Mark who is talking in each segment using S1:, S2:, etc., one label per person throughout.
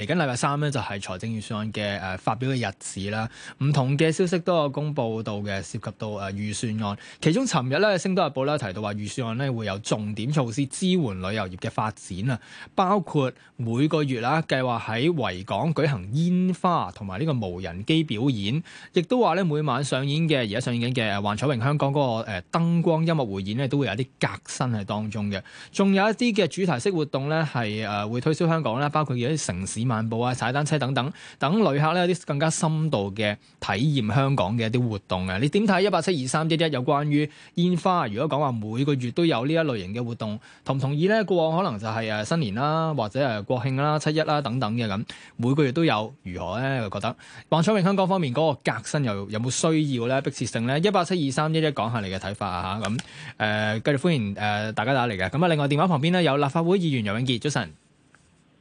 S1: 嚟緊禮拜三咧就係財政預算案嘅誒發表嘅日子啦，唔同嘅消息都有公布到嘅，涉及到誒預算案。其中尋日咧，《星島日報》咧提到話預算案咧會有重點措施支援旅遊業嘅發展啊，包括每個月啦計劃喺維港舉行煙花同埋呢個無人機表演，亦都話咧每晚上演嘅而家上映緊嘅《幻彩詠香江》嗰、那個誒燈光音樂匯演咧都會有啲革新喺當中嘅，仲有一啲嘅主題式活動咧係誒會推銷香港啦，包括一啲城市漫步啊，踩單車等等，等旅客咧有啲更加深度嘅體驗香港嘅一啲活動嘅。你點睇一八七二三一一有關於煙花？如果講話每個月都有呢一類型嘅活動，同唔同意呢？過往可能就係誒新年啦，或者誒國慶啦、七一啦等等嘅咁，每個月都有，如何呢？咧？覺得？黃家榮香港方面嗰、嗰個革新又有冇需要呢？迫切性呢？一八七二三一一講下你嘅睇法啊嚇咁誒，繼續歡迎誒、呃、大家打嚟嘅。咁啊，另外電話旁邊呢，有立法會議員楊永杰，早晨。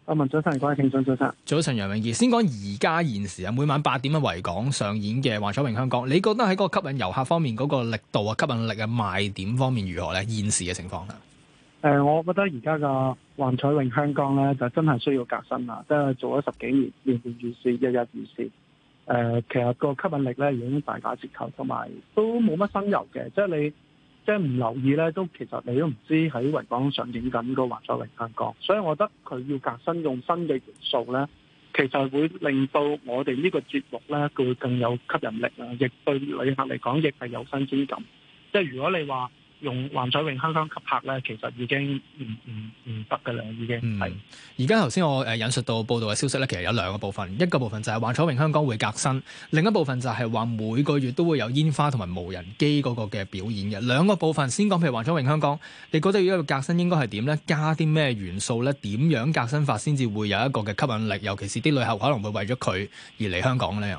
S1: 阿文早晨，郭慶俊早晨，早晨楊永杰，先講而家現時啊，每晚八點喺維港上演嘅《幻彩詠香江》，你覺得喺嗰個吸引遊客方面嗰、那個力度啊、吸引力啊、賣點方面如何咧？現時嘅情況啊？
S2: 誒、呃，我覺得而家嘅《幻彩詠香江》咧，就真係需要革新啦，即係做咗十幾年，年年如是，日日如是。誒、呃，其實個吸引力咧已經大打折扣，同埋都冇乜新遊嘅，即係你。即係唔留意咧，都其實你都唔知喺維港上影緊個華索龍香港，所以我覺得佢要革新，用新嘅元素咧，其實會令到我哋呢個節目咧，佢會更有吸引力啊，亦對旅客嚟講亦係有新鮮感。即係如果你話，用幻彩
S1: 詠香港吸客咧，其實已經唔唔唔得嘅啦，已經。嗯。而家頭先我誒引述到報道嘅消息咧，其實有兩個部分，一個部分就係、是、幻彩詠香港會革新，另一部分就係話每個月都會有煙花同埋無人機嗰個嘅表演嘅。兩個部分先講，譬如幻彩詠香港，你覺得如果革新應該係點咧？加啲咩元素咧？點樣革新法先至會有一個嘅吸引力？尤其是啲旅客可能會為咗佢而嚟香港呢？又？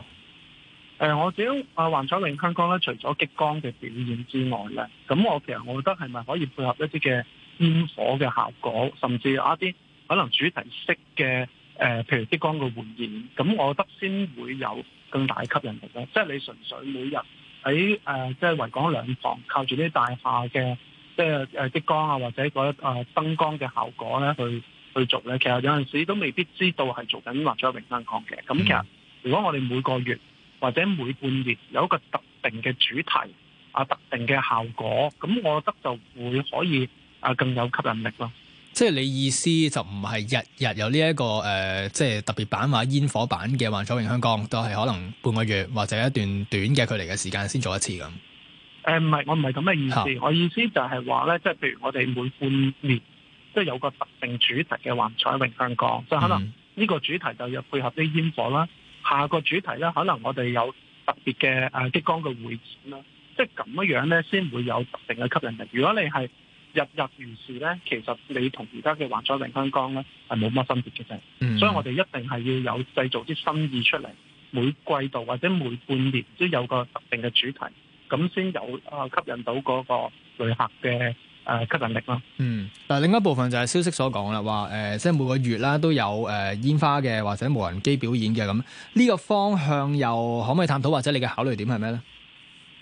S2: 誒、嗯，我覺得啊，幻彩詠香江咧，除咗激光嘅表演之外咧，咁我其實我覺得係咪可以配合一啲嘅煙火嘅效果，甚至有一啲可能主題式嘅誒，譬如激光嘅匯演，咁我覺得先會有更大吸引力咯。即係你純粹每日喺誒，即係維港兩旁，靠住啲大廈嘅，即係誒激光啊，或者嗰誒燈光嘅效果咧，去去做咧，其實有陣時都未必知道係做緊幻彩詠香江嘅。咁其實如果我哋每個月，或者每半年有一個特定嘅主題啊，特定嘅效果，咁我覺得就會可以
S1: 啊更有吸引力咯。即係你意思就唔係日日有呢、這、一個誒、呃，即係特別版或者煙火版嘅幻彩詠香江，都係可能半個月或者一段短嘅距離嘅時間先做一次咁。誒唔係，我唔係咁嘅意思、啊。
S2: 我意思就係話咧，即係譬如我哋每半年即係有一個特定主題嘅幻彩詠香江，就、嗯、可能呢個主題就要配合啲煙火啦。下個主題咧，可能我哋有特別嘅、啊、激光嘅會展啦，即係咁樣咧，先會有特定嘅吸引力。如果你係日日如是咧，其實你同而家嘅幻彩詠香江咧係冇乜分別嘅啫。所以，我哋一定係要有製造啲新意出嚟，每季度或者每半年都有個特定嘅主題，咁先有、啊、吸引到嗰個旅客嘅。誒，吸引力咯。嗯，
S1: 但另一部分就係消息所講啦，話誒、呃，即係每個月啦都有誒呃、煙花嘅或者無人機表演嘅，咁呢個方向，又可唔可以探討或者你嘅考慮點係咩咧？
S2: 誒、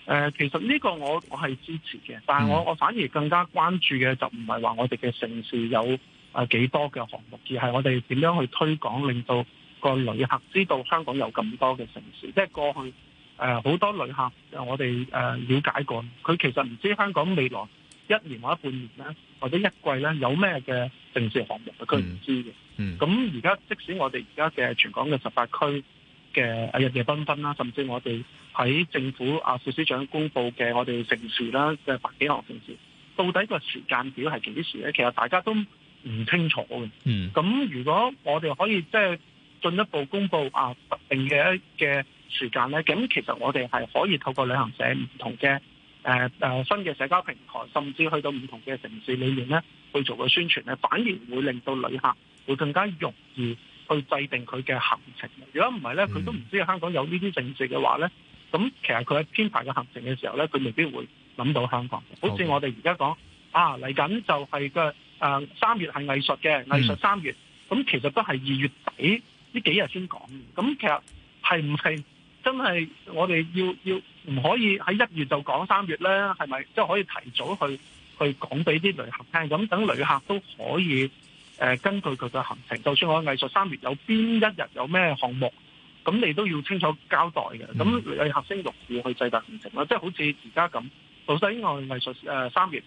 S2: 呃，其實呢個我我係支持嘅，但係我、嗯、我反而更加關注嘅就唔係話我哋嘅城市有啊幾多嘅項目，而係我哋點樣去推廣，令到個旅客知道香港有咁多嘅城市。即係過去誒、呃、好多旅客我哋誒、呃、了解過，佢其實唔知香港未來。一年或者半年啦，或者一季咧，有咩嘅城市項目咧，佢唔知嘅。咁而家即使我哋而家嘅全港嘅十八區嘅日夜繽紛啦，甚至我哋喺政府啊副司長公布嘅我哋城市啦嘅百幾項城市，到底個時間表係幾時咧？其實大家都唔清楚嘅。咁、嗯、如果我哋可以即係進一步公布啊特定嘅一嘅時間咧，咁其實我哋係可以透過旅行社唔同嘅。誒、呃、誒新嘅社交平台，甚至去到唔同嘅城市裏面咧，去做個宣傳，咧，反而會令到旅客會更加容易去制定佢嘅行程。如果唔係咧，佢都唔知道香港有呢啲政治嘅話，咧，咁其實佢喺編排嘅行程嘅時候咧，佢未必會諗到香港。好似我哋而家講啊，嚟緊就係嘅誒三月係藝術嘅藝術三月，咁、嗯、其實都係二月底呢幾日先講，咁其實係唔係真係我哋要要？要唔可以喺一月就講三月咧，係咪？即係可以提早去去講俾啲旅客聽，咁等旅客都可以誒根據佢嘅行程。就算我藝術三月有邊一日有咩項目，咁你都要清楚交代嘅。咁旅客先願意去制定行程啦，即係好似而家咁。老細，我藝術誒三月。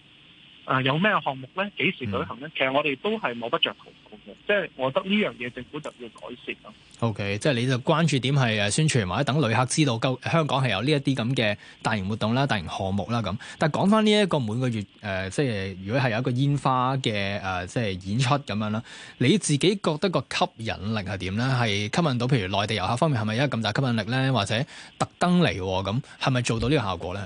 S2: 啊，有咩項目咧？幾時舉行咧、嗯？其實我哋都係冇得着圖嘅，即係我覺得呢樣嘢政府
S1: 就要改善咯。OK，即係你就關注點係誒宣傳或者等旅客知道，香港係有呢一啲咁嘅大型活動啦、大型項目啦咁。但係講翻呢一個每個月誒、呃，即係如果係有一個煙花嘅誒、呃，即係演出咁樣啦，你自己覺得個吸引力係點咧？係吸引到譬如內地遊客方面係咪有咁大吸引力咧？或者特登嚟喎咁，係咪做到呢個效果咧？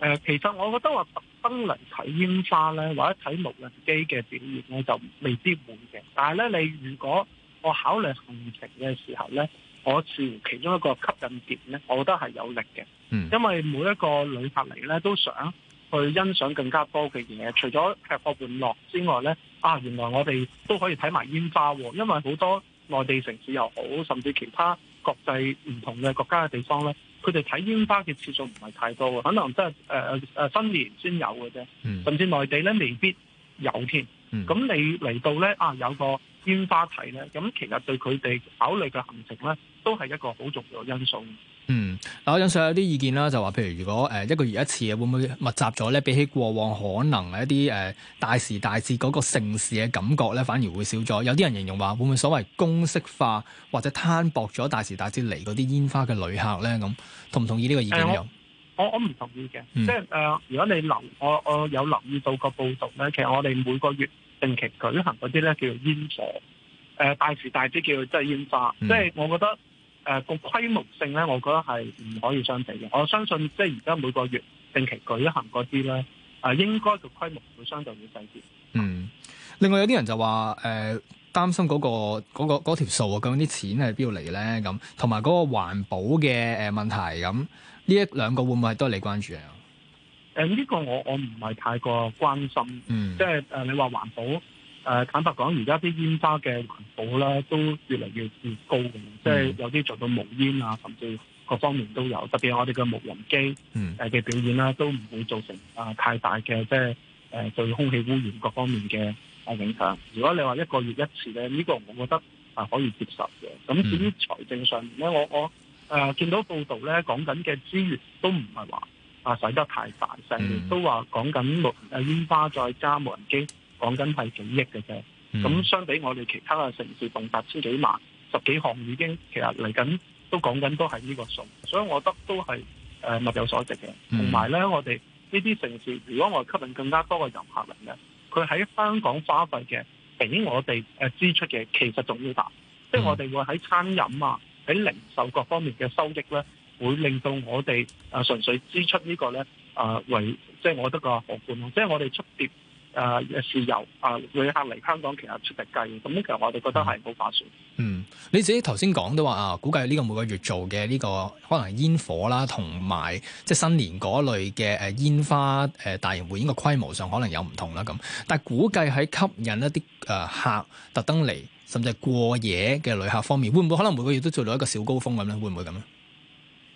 S2: 誒、呃，其實我覺得話特登嚟睇煙花呢，或者睇無人機嘅表演呢就未必會嘅。但係呢，你如果我考慮行程嘅時候呢，我似乎其中一個吸引點呢，我覺得係有力嘅。嗯，因為每一個旅客嚟呢，都想去欣賞更加多嘅嘢。除咗吃喝玩樂之外呢，啊，原來我哋都可以睇埋煙花喎、啊。因為好多內地城市又好，甚至其他國際唔同嘅國家嘅地方呢。佢哋睇煙花嘅次數唔係太多，可能真係誒誒新年先有嘅啫，甚至內地咧未必有添。咁你嚟到咧啊，有個煙花睇咧，咁其實對佢哋考慮嘅行程咧，都係一個好重要因素。
S1: 嗯，嗱，我欣賞有啲意見啦，就話譬如如果誒一個月一次啊，會唔會密集咗咧？比起過往可能一啲誒大時大節嗰個盛事嘅感覺咧，反而會少咗。有啲人形容話，會唔會所謂公式化或者攤薄咗大時大節嚟嗰啲煙花嘅旅客咧？咁同唔同意呢個意見？誒、嗯，我我
S2: 我唔同意嘅，即係誒，如果你留我我有留意到個報道咧，其實我哋每個月定期舉行嗰啲咧，叫做煙火，誒、呃、大時大節叫做即係煙花，即、嗯、係、就是、我覺得。誒、呃，個規模性咧，我覺得係唔可以相比嘅。我相信即係而家每個月定期舉行嗰啲咧，誒、呃，應該個規模會相對會細啲。嗯，
S1: 另外有啲人就話，誒、呃，擔心嗰、個嗰、個嗰條數啊，咁究竟啲錢係邊度嚟咧？咁同埋嗰個環保嘅誒問題，咁呢一兩個會唔會都係你關注啊？誒、
S2: 呃，呢個我我唔係太過關心，嗯，即係誒，你話環保。誒，坦白講，而家啲煙花嘅環保咧，都越嚟越越高嘅，即係有啲做到無煙啊，甚至各方面都有。特別係我哋嘅無人機誒嘅表演啦，都唔會造成啊太大嘅即係誒對空氣污染各方面嘅啊影響。如果你話一個月一次咧，呢、呢個我覺得係可以接受嘅。咁至於財政上面咧，我我誒、呃、見到報道咧，講緊嘅資源都唔係話啊使得太大盛，都話講緊木誒煙花再加無人機。講緊係幾億嘅啫，咁相比我哋其他嘅城市動達千幾萬，十幾項已經其實嚟緊都講緊都係呢個數，所以我覺得都係誒、呃、物有所值嘅。同埋咧，我哋呢啲城市如果我哋吸引更加多嘅遊客嚟嘅，佢喺香港花費嘅比我哋誒支出嘅其實仲要大，即、就、係、是、我哋會喺餐飲啊，喺零售各方面嘅收益咧，會令到我哋啊、呃、純粹支出這個呢個咧啊為即係、就是、我覺得個好觀即係我哋出碟。誒是由誒旅客嚟香港，其實出力計，咁其實我哋覺得係好
S1: 划算。嗯，你自己頭先講都話啊，估計呢個每個月做嘅呢、這個可能煙火啦，同埋即係新年嗰類嘅誒煙花大型匯演嘅規模上可能有唔同啦。咁，但估計喺吸引一啲誒客特登嚟，甚至過過夜嘅旅客方面，會唔會可能每個月都做到一個小高峰咁咧？會唔會咁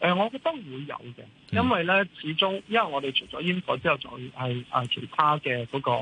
S2: 誒，我覺得會有嘅，因為咧，始終因為我哋除咗煙火之後，再係啊其他嘅嗰個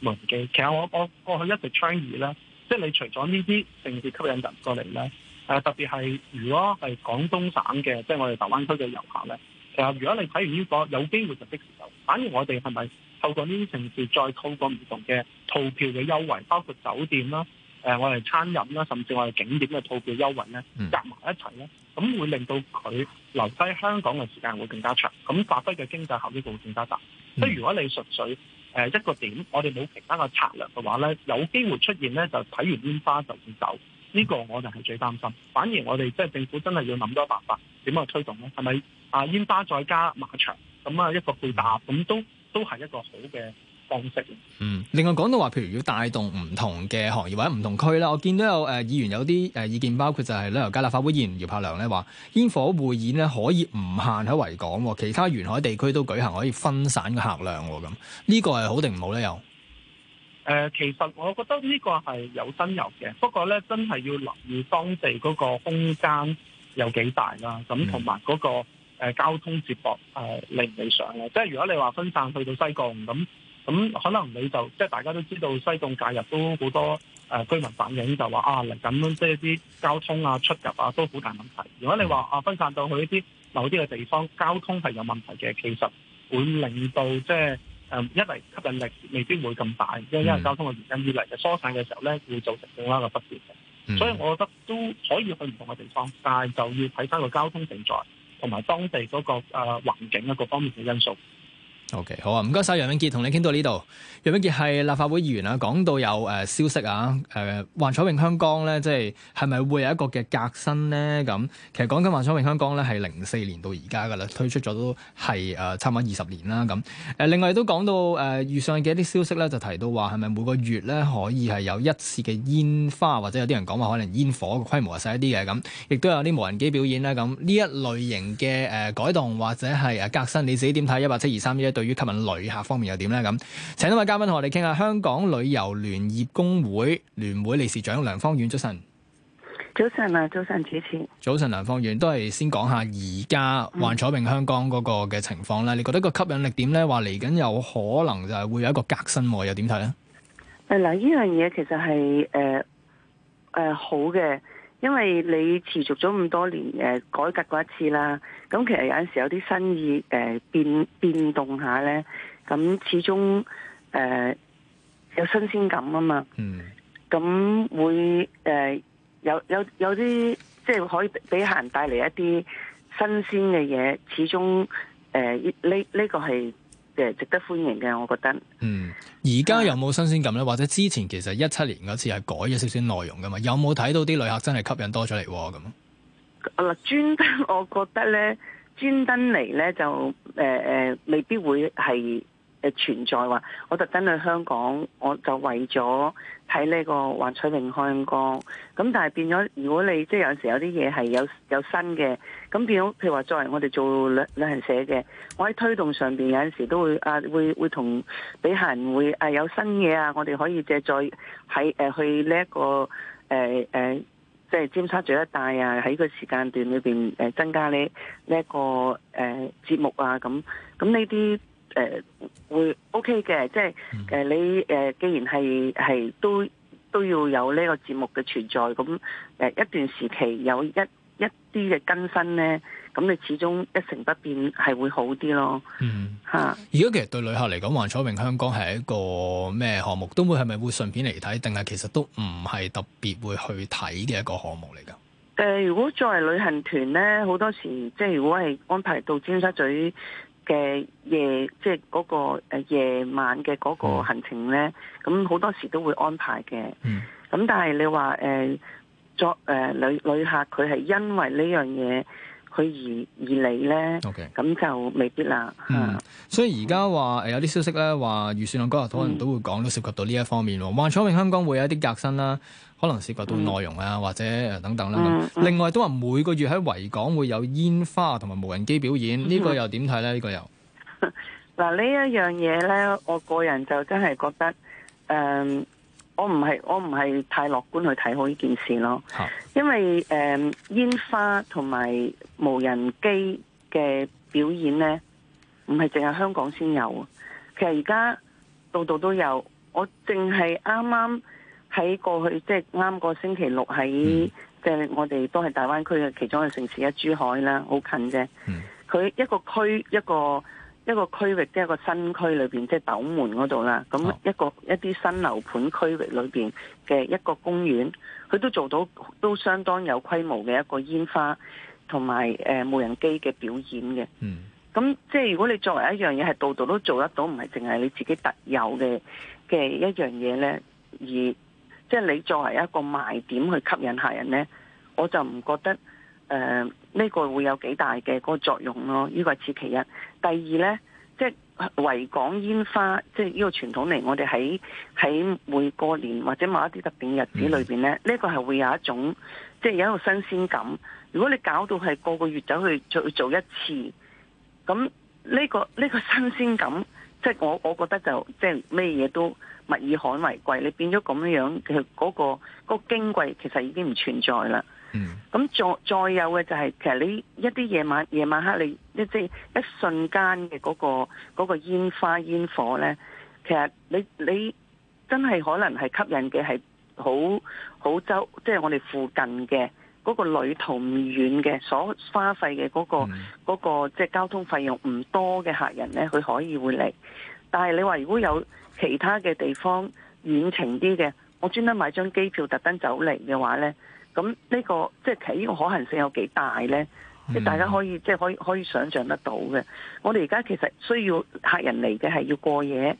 S2: 無人機。其實我我過去一直倡議咧，即係你除咗呢啲城市吸引人過嚟咧，誒特別係如果係廣東省嘅，即係我哋大灣區嘅遊客咧。其實如果你睇完煙火，有機會就即時走。反而我哋係咪透過呢啲城市，再透過唔同嘅套票嘅優惠，包括酒店啦，誒、呃，我哋餐飲啦，甚至我哋景點嘅套票優惠咧，夾、嗯、埋一齊咧，咁會令到佢留低香港嘅時間會更加長，咁發揮嘅經濟效益會更加大，嗯。所以如果你純粹誒、呃、一個點，我哋冇其他嘅策略嘅話咧，有機會出現咧就睇完煙花就會走，呢、這個我就係最擔心。反而我哋即係政府真係要諗多辦法點去推動咧，係咪啊煙花再加馬場咁啊一個配搭，咁都都係一個好嘅，
S1: 方式嗯，另外講到話，譬如要帶動唔同嘅行業或者唔同區啦，我見到有誒、呃、議員有啲誒、呃、意見，包括就係旅遊界立法會議員姚柏良咧話，煙火匯演呢可以唔限喺維港，其他沿海地區都舉行，可以分散個客量喎。咁呢個係好定唔好咧？又、
S2: 呃、誒，其實我覺得呢個係有新遊嘅，不過咧真係要留意當地嗰個空間有幾大啦，咁同埋嗰個交通接駁誒、呃、理唔理想咧。即係如果你話分散去到西貢咁。咁可能你就即係大家都知道西貢假日都好多誒、呃、居民反映就話啊嚟緊即係啲交通啊出入啊都好大問題。如果你話、mm. 啊分散到去一啲某啲嘅地方，交通係有問題嘅，其實會令到即係誒、嗯、一嚟吸引力未必會咁大，mm. 因為因為交通嘅原因；二嚟就疏散嘅時候咧會造成更加嘅不便嘅。Mm. 所以我覺得都可以去唔同嘅地方，但係就要睇翻個交通承載同埋當地嗰、那個誒環、呃、境啊
S1: 各方面嘅因素。O.K. 好啊，唔該晒。楊永杰，同你傾到呢度。楊永杰係立法會議員啊，講到有、呃、消息啊，誒幻彩詠香江咧，即係係咪會有一個嘅革新咧？咁其實講緊幻彩詠香港咧，係零四年到而家噶啦，推出咗都係誒、呃、差唔多二十年啦。咁、呃、另外都講到誒預、呃、上嘅一啲消息咧，就提到話係咪每個月咧可以係有一次嘅煙花，或者有啲人講話可能煙火規模細一啲嘅咁，亦都有啲無人機表演啦咁呢一類型嘅誒、呃、改動或者係誒革新，你自己點睇？一八七二三呢一對於吸引旅客方面又點咧？咁，請一位嘉賓同我哋傾下，香港旅遊聯業工會聯會理事長梁芳遠，早晨。早晨啊，
S3: 早晨
S1: 主持。早晨，梁芳遠都係先講下而家幻彩詠香港嗰個嘅情況啦、嗯。你覺得個吸引力點咧？話嚟緊有可能就係會有一個革新，我又點睇咧？誒，嗱，
S3: 呢樣嘢其實係誒誒好嘅。因為你持續咗咁多年誒改革過一次啦，咁其實有陣時有啲新意誒、呃、變變動下咧，咁始終誒、呃、有新鮮感啊嘛，咁會誒、呃、有有有啲即係可以俾客人帶嚟一啲新鮮嘅嘢，始終誒呢呢個係。這個值得歡迎嘅，我覺得。嗯，
S1: 而家有冇新鮮感呢、啊？或者之前其實是一七年嗰次係改咗少少內容噶嘛？有冇睇到啲旅客真係吸引多出嚟咁？
S3: 嗱，專登，我覺得呢，專登嚟呢就誒誒、呃呃，未必會係。嘅存在話，我特登去香港，我就為咗睇呢個幻彩詠香江。咁但係變咗，如果你即係有陣時有啲嘢係有有新嘅，咁變咗譬如話作為我哋做旅旅行社嘅，我喺推動上邊有陣時都會啊會會同俾客人會、啊、有新嘢、這個、啊，我哋可以借再喺去呢一個誒誒，即係尖沙咀一帶啊，喺個時間段裏邊增加呢呢一個誒、這個啊、節目啊咁，咁呢啲。誒、呃、會 OK 嘅，即係誒你誒，既然係係都都要有呢個節目嘅存在，咁誒一段時期有一一啲嘅更新咧，咁你始終一成不變係會好啲咯。嗯，嚇！
S1: 而家其實對旅客嚟講，幻彩詠香江係一個咩項目？都會係咪會順便嚟睇，定係其實都唔係特別會去睇嘅一個項目嚟㗎？誒、
S3: 呃，如果作為旅行團咧，好多時即係如果係安排到尖沙咀嘅夜即係嗰個誒夜晚嘅嗰個行程咧，咁、oh. 好多時都會安排嘅。咁、mm. 但係你話誒、呃、作誒旅旅客佢係因為呢樣嘢。佢而而嚟咧，咁、okay. 就未必啦、
S1: 嗯。嗯，所以而家話誒有啲消息咧話預算案嗰日可能都會講、嗯、都涉及到呢一方面喎。幻彩詠香港會有一啲革新啦，可能涉及到內容啊、嗯、或者等等啦、嗯。另外都話每個月喺維港會有煙花同埋無人機表演，呢、嗯呢個又點睇咧？呢、呢個又
S3: 嗱 呢一樣嘢咧，我個人就真係覺得誒。嗯。我唔係我唔係太樂觀去睇好呢件事咯、啊，因為誒、嗯、煙花同埋無人機嘅表演呢，唔係淨係香港先有，其實而家度度都有。我淨係啱啱喺過去，即係啱個星期六喺即係我哋都係大灣區嘅其中一個城市，喺珠海啦，好近啫。佢、嗯、一個區一個。一個區域，即係一個新區裏邊，即係斗門嗰度啦。咁一個一啲，新樓盤區域裏邊嘅一個公園，佢都做到都相當有規模嘅一個煙花同埋誒無人機嘅表演嘅。嗯。咁即係如果你作為一樣嘢係度度都做得到，唔係淨係你自己特有嘅嘅一樣嘢咧，而即係你作為一個賣點去吸引客人咧，我就唔覺得。誒、呃、呢、這個會有幾大嘅嗰作用咯？呢、這個係次其一。第二呢，即係維港煙花，即係呢個傳統嚟。我哋喺喺每過年或者某一啲特定日子裏面呢，呢、這個係會有一種即係、就是、有一個新鮮感。如果你搞到係個個月走去做一次，咁呢、這個呢、這個新鮮感，即、就、係、是、我我覺得就即係咩嘢都物以罕為貴，你變咗咁樣其實嗰個嗰矜、那個、貴其實已經唔存在啦。嗯，咁再再有嘅就係，其實你一啲夜晚夜晚黑，你一即係一瞬間嘅嗰個嗰個煙花煙火咧，其實你你真係可能係吸引嘅係好好周，即係我哋附近嘅嗰個旅途唔遠嘅，所花費嘅嗰個嗰個，嗯，嗰個即係交通費用唔多嘅客人咧，佢可以會嚟。但係你話如果有其他嘅地方遠程啲嘅，我專登買張機票特登走嚟嘅話咧。咁呢個即係呢個可行性有幾大咧？即大家可以即係可以可以想像得到嘅。我哋而家其實需要客人嚟嘅係要過夜，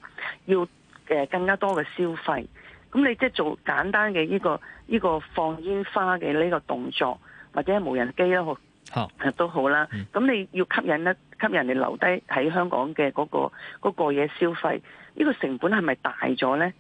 S3: 要誒更加多嘅消費。咁你即係做簡單嘅呢個呢個放煙花嘅呢個動作，或者係無人機啦，好都好啦。咁你要吸引得吸引人留低喺香港嘅嗰個嗰個過夜消費，呢個成本係咪大咗咧？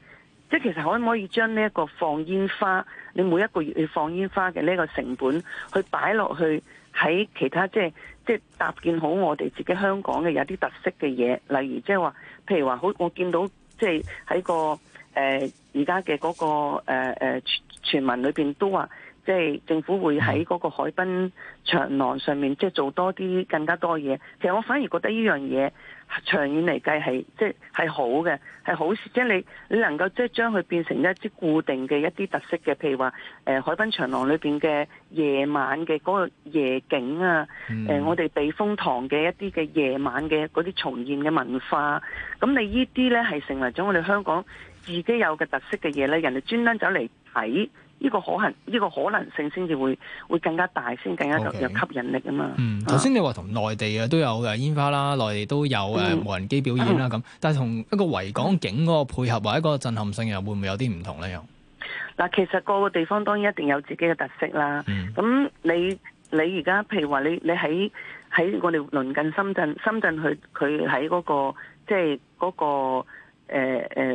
S3: 即係其實可唔可以將呢一個放煙花，你每一個月去放煙花嘅呢個成本，去擺落去喺其他即係即係搭建好我哋自己香港嘅有啲特色嘅嘢，例如即係話，譬如話好，我見到即係喺個誒而家嘅嗰個誒誒、呃、傳聞裏邊都話。即係政府會喺嗰個海濱長廊上面，即係做多啲更加多嘢。其實我反而覺得呢樣嘢長遠嚟計係即係好嘅，係好事。即係你你能夠即係將佢變成一啲固定嘅一啲特色嘅，譬如話誒、呃、海濱長廊裏邊嘅夜晚嘅嗰個夜景啊，誒、mm. 呃、我哋避風塘嘅一啲嘅夜晚嘅嗰啲重現嘅文化，咁你這些呢啲咧係成為咗我哋香港自己有嘅特色嘅嘢咧，人哋專登走嚟睇。呢個可能，呢個可能性先至會會更加大，先更加有有吸引力啊嘛。嗯，
S1: 頭先你話同內地啊都有誒煙花啦，內地都有誒無人機表演啦咁，但係同一個維港景嗰個配合或者嗰個震撼性又會唔會有啲唔同呢？又
S3: 嗱，其實個個地方當然一定有自己嘅特色啦。咁你你而家譬如話你你喺喺我哋鄰近深圳，深圳佢佢喺嗰個即係嗰個。誒、呃、誒、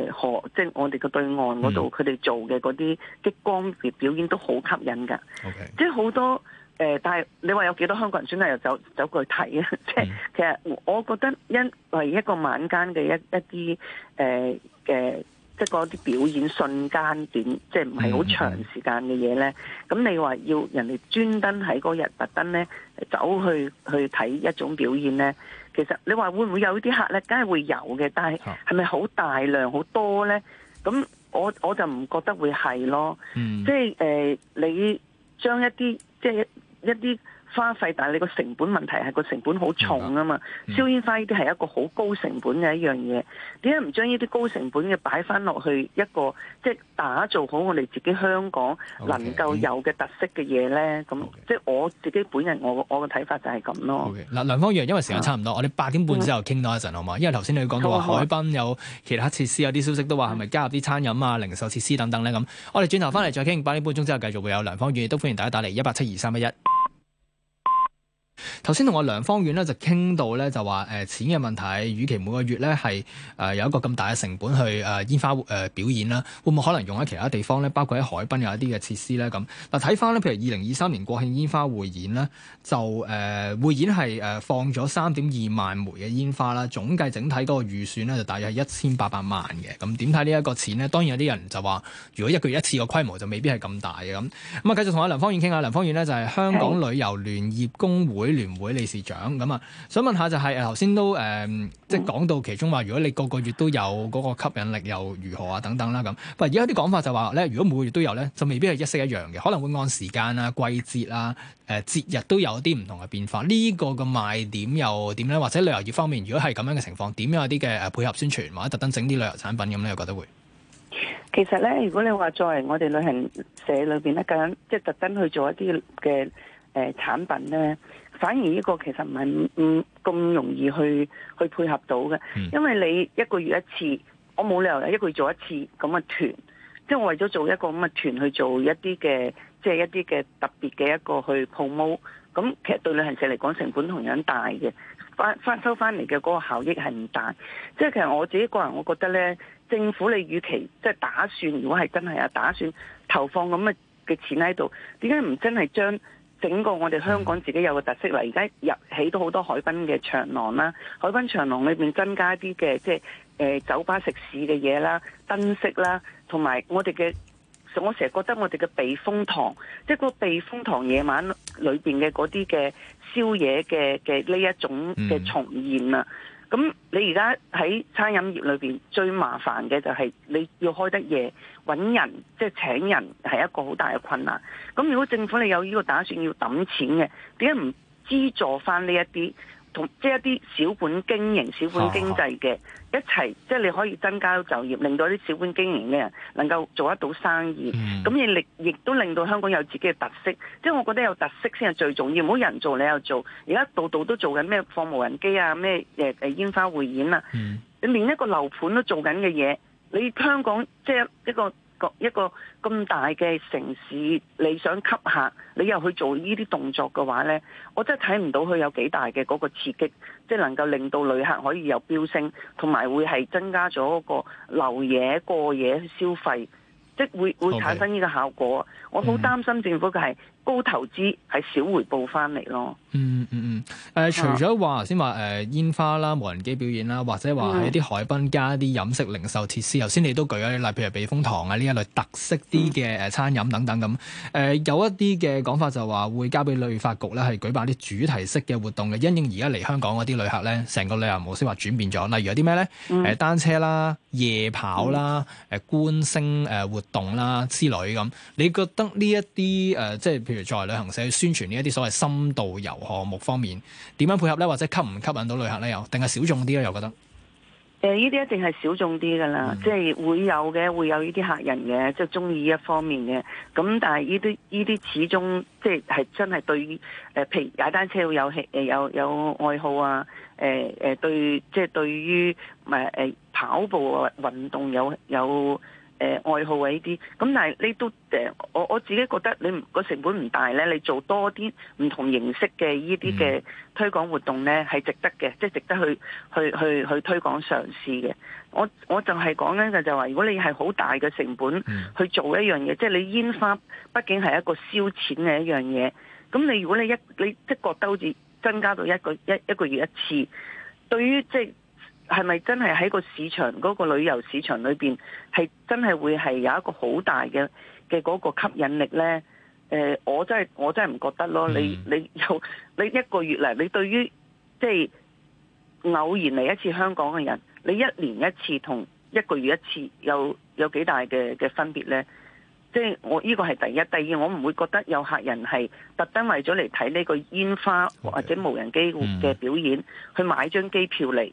S3: 呃，河即係我哋嘅對岸嗰度，佢、嗯、哋做嘅嗰啲激光嘅表演都好吸引㗎，Okay. 即係好多誒、呃。但係你話有幾多香港人選擇又走走過去睇啊？即、嗯、係其實我覺得因為一個晚間嘅一一啲誒嘅即係嗰啲表演瞬間短，即係唔係好長時間嘅嘢咧？咁、嗯、你話要人哋專登喺嗰日特登咧走去去睇一種表演咧？其實你話會唔會有啲客咧，梗係會有嘅，但係係咪好大量好多咧？咁我我就唔覺得會係咯，嗯、即係誒、呃、你將一啲即係一啲。花費，但係你個成本問題係個成本好重啊嘛。嗯、燒煙花呢啲係一個好高成本嘅一樣嘢，點解唔將呢啲高成本嘅擺翻落去一個即係、就是、打造好我哋自己香港能夠有嘅特色嘅嘢呢？咁、okay, okay, 即係我自己本人，我我嘅睇法就係咁咯。嗱、okay，
S1: 梁芳遠，因為時間差唔多，嗯、我哋八點半之後傾多一陣好嘛？因為頭先你講到話海濱有其他設施，有啲消息都話係咪加入啲餐飲啊、零售設施等等呢。咁。我哋轉頭翻嚟再傾，八點半鐘之後繼續會有梁芳遠，都歡迎大家打嚟一八七二三一一。172, 3, 頭先同我梁芳遠咧就傾到咧就話誒錢嘅問題，與其每個月咧係誒有一個咁大嘅成本去誒煙花誒、呃、表演啦，會唔會可能用喺其他地方咧？包括喺海濱有一啲嘅設施咧？咁嗱，睇翻咧，譬如二零二三年國慶煙花匯演咧，就誒匯演係誒放咗三點二萬枚嘅煙花啦，總計整體嗰個預算咧就大約係一千八百萬嘅。咁點睇呢一個錢咧？當然有啲人就話，如果一個月一次個規模就未必係咁大嘅咁。咁啊，繼續同阿梁芳遠傾下，梁芳遠咧就係香港旅遊聯業工會。聯會理事長咁啊，想問下就係、是、誒，頭先都誒、嗯，即係講到其中話，如果你個個月都有嗰，那個吸引力又如何啊等等啦，咁。唔係而家啲講法就話、是、咧，如果每個月都有咧，就未必係一式一樣嘅，可能會按時間啊、季節啊、誒節日都有啲唔同嘅變化。呢、這個嘅賣點又點咧？或者旅遊業方面，如果係咁樣嘅情況，點樣有啲嘅誒配合宣傳或者特登整啲旅遊產品咁咧？我覺得會？其實咧，如果你話
S3: 作為我哋旅行社裏邊咧，咁即係特登去做一啲嘅誒產品咧。反而呢個其實唔係唔咁容易去去配合到嘅，因為你一個月一次，我冇理由一個月做一次咁嘅團，即係我為咗做一個咁嘅團去做一啲嘅即係一啲嘅特別嘅一個去 promote，咁其實對旅行社嚟講成本同樣大嘅，發發收翻嚟嘅嗰個效益係唔大，即係其實我自己個人我覺得咧，政府你與其即係打算如果係真係啊打算投放咁嘅嘅錢喺度，點解唔真係將整個我哋香港自己有個特色啦，而家入起到好多海濱嘅長廊啦，海濱長廊裏面增加啲嘅即係誒、呃、酒吧食肆嘅嘢啦、燈飾啦，同埋我哋嘅我成日覺得我哋嘅避風塘，即、就、係、是、個避風塘夜晚裏邊嘅嗰啲嘅宵夜嘅嘅呢一種嘅重現啊。嗯。咁你而家喺餐飲業裏邊最麻煩嘅就係你要開得夜揾人，即係請人係一個好大嘅困難。咁如果政府你有呢個打算要揼錢嘅，點解唔資助翻呢一啲？即係一啲小本經營、小本經濟嘅、啊、一齊，即係你可以增加就業，令到啲小本經營嘅人能夠做得到生意。咁亦令亦都令到香港有自己嘅特色。即係我覺得有特色先係最重要，唔好人做你又做。而家度度都做緊咩放無人機啊，咩誒誒煙花匯演啊，你、嗯、連一個樓盤都做緊嘅嘢，你香港即係一個。一個咁大嘅城市，你想吸客，你又去做呢啲動作嘅話呢，我真係睇唔到佢有幾大嘅嗰個刺激，即係能夠令到旅客可以有飆升，同埋會係增加咗個留夜、過夜消費，即係會會產生呢個效果。Okay. 我好擔心政府嘅係。高投資係
S1: 少回報翻嚟咯。嗯嗯嗯。誒、嗯呃，除咗話頭先話誒、呃、煙花啦、無人機表演啦，或者話喺啲海濱加一啲飲食零售設施。頭、嗯、先你都舉咗，例如譬如避風塘啊，呢一類特色啲嘅誒餐飲等等咁。誒、嗯呃呃，有一啲嘅講法就話會交俾旅發局咧，係舉辦啲主題式嘅活動嘅，因應而家嚟香港嗰啲旅客咧，成個旅遊模式話轉變咗。例如有啲咩咧？誒、嗯呃，單車啦、夜跑啦、誒、嗯、觀星誒、呃、活動啦之類咁。你覺得呢一啲誒，即、呃、係？譬如在旅行社宣傳呢一啲所謂深度遊項目方面，點樣配合咧？或者吸唔吸引到旅客咧？又定係小眾啲咧？又覺得？
S3: 誒，呢啲一定係小眾啲噶啦，即、嗯、係會有嘅，會有呢啲客人嘅，即係中意呢一方面嘅。咁但係呢啲呢啲始終即係係真係對於誒，譬如踩單車會有誒，有有愛好啊。誒、呃、誒，對，即係對於係誒跑步運動有有。誒、呃、愛好啊呢啲，咁但係呢都誒，我我自己覺得你，你個成本唔大咧，你做多啲唔同形式嘅呢啲嘅推廣活動咧係值得嘅，即係值得去去去去推廣嘗試嘅。我我就係講緊嘅就係，如果你係好大嘅成本、嗯、去做一樣嘢，即係你煙花畢竟係一個燒錢嘅一樣嘢，咁你如果你一你一個週字增加到一個一一個月一次，對於即係。就是係咪真係喺個市場嗰、那個旅遊市場裏邊，係真係會係有一個好大嘅嘅嗰個吸引力呢？誒、呃，我真係我真係唔覺得咯。你你有你一個月嚟，你對於即係、就是、偶然嚟一次香港嘅人，你一年一次同一個月一次有有幾大嘅嘅分別呢？即、就、係、是、我呢個係第一，第二我唔會覺得有客人係特登為咗嚟睇呢個煙花或者無人機嘅表演、Okay. 去買張機票嚟。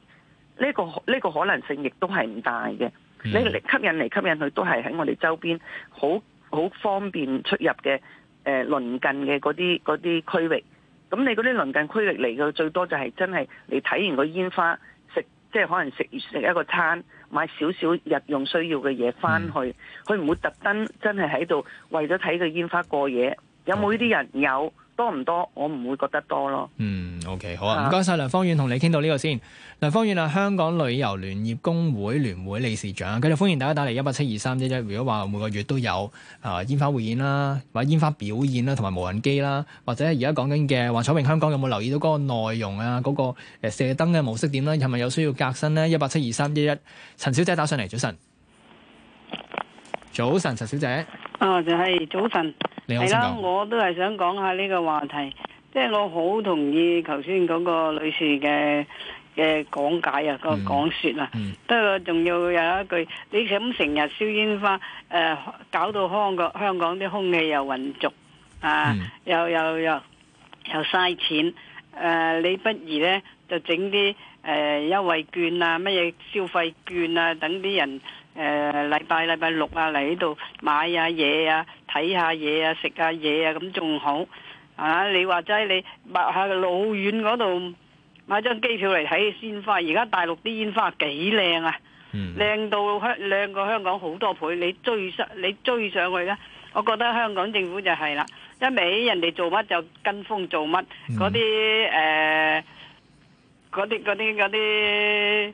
S3: 呢、這個呢、這個可能性亦都係唔大嘅。你吸引嚟吸引去都係喺我哋周邊好好方便出入嘅誒、呃、鄰近嘅嗰啲嗰啲區域。咁你嗰啲鄰近區域嚟嘅最多就係真係你睇完個煙花，食即係可能食食一個餐，買少少日用需要嘅嘢翻去。佢、嗯、唔會特登真係喺度為咗睇個煙花過夜。有冇呢啲人？嗯、有。
S1: 多唔多？我唔會覺得多咯。嗯，OK，好啊，唔該晒。梁芳遠同你傾到呢個先。梁芳遠啊，香港旅遊聯業工會聯會理事長，繼續歡迎大家打嚟一八七二三一一。如果話每個月都有啊、呃、煙花匯演啦，或者煙花表演啦，同埋無人機啦，或者而家講緊嘅幻彩詠香港，有冇留意到嗰個內容啊？嗰、那個射燈嘅模式點啦？係咪有需要革新呢？一八七二三一一，17231，陳小姐打上嚟，早晨。早晨，陳小姐。啊、哦，就
S4: 係、是、早晨。係啦，我都係想講下呢個話題，即係我好同意頭先嗰個女士嘅嘅講解啊、嗯嗰個講說啊。不過仲要有一句，你想成日燒煙花，誒，搞到香港香港啲空氣又渾濁啊，嗯、又又又又嘥錢。誒，你不如咧就整啲誒優惠券啊，乜嘢消費券啊，等啲人誒禮拜禮拜六啊嚟呢度買下嘢啊。睇下嘢啊，食下嘢啊，咁仲好，啊！你話齋你抹下買下老遠嗰度買張機票嚟睇鮮花，而家大陸啲煙花幾靚啊，靚到香靚過香港好多倍。你追上你追上去咧，我覺得香港政府就係啦，一味人哋做乜就跟風做乜，嗰啲誒，嗰啲嗰啲嗰啲。呃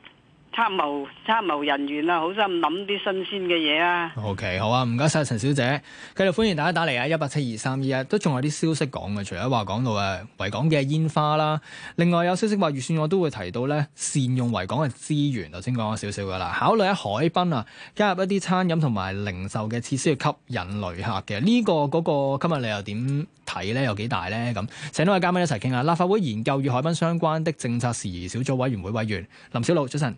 S4: 參謀參謀人員想想啊，好心諗啲新鮮嘅
S1: 嘢啊。O K，好啊，唔該晒，陳小姐。繼續歡迎大家打嚟啊，172, 3, 2, 1, 一八七二三二一都仲有啲消息講嘅。除咗話講到誒維港嘅煙花啦，另外有消息話預算我都會提到咧，善用維港嘅資源。頭先講咗少少㗎啦，考慮喺海濱啊，加入一啲餐飲同埋零售嘅設施去吸引旅客嘅呢、這個嗰、那個。今日你又點睇咧？有幾大咧？咁請多位嘉賓一齊傾下，立法會研究與海濱相關的政策事宜小組委員會委員林筱魯，早晨。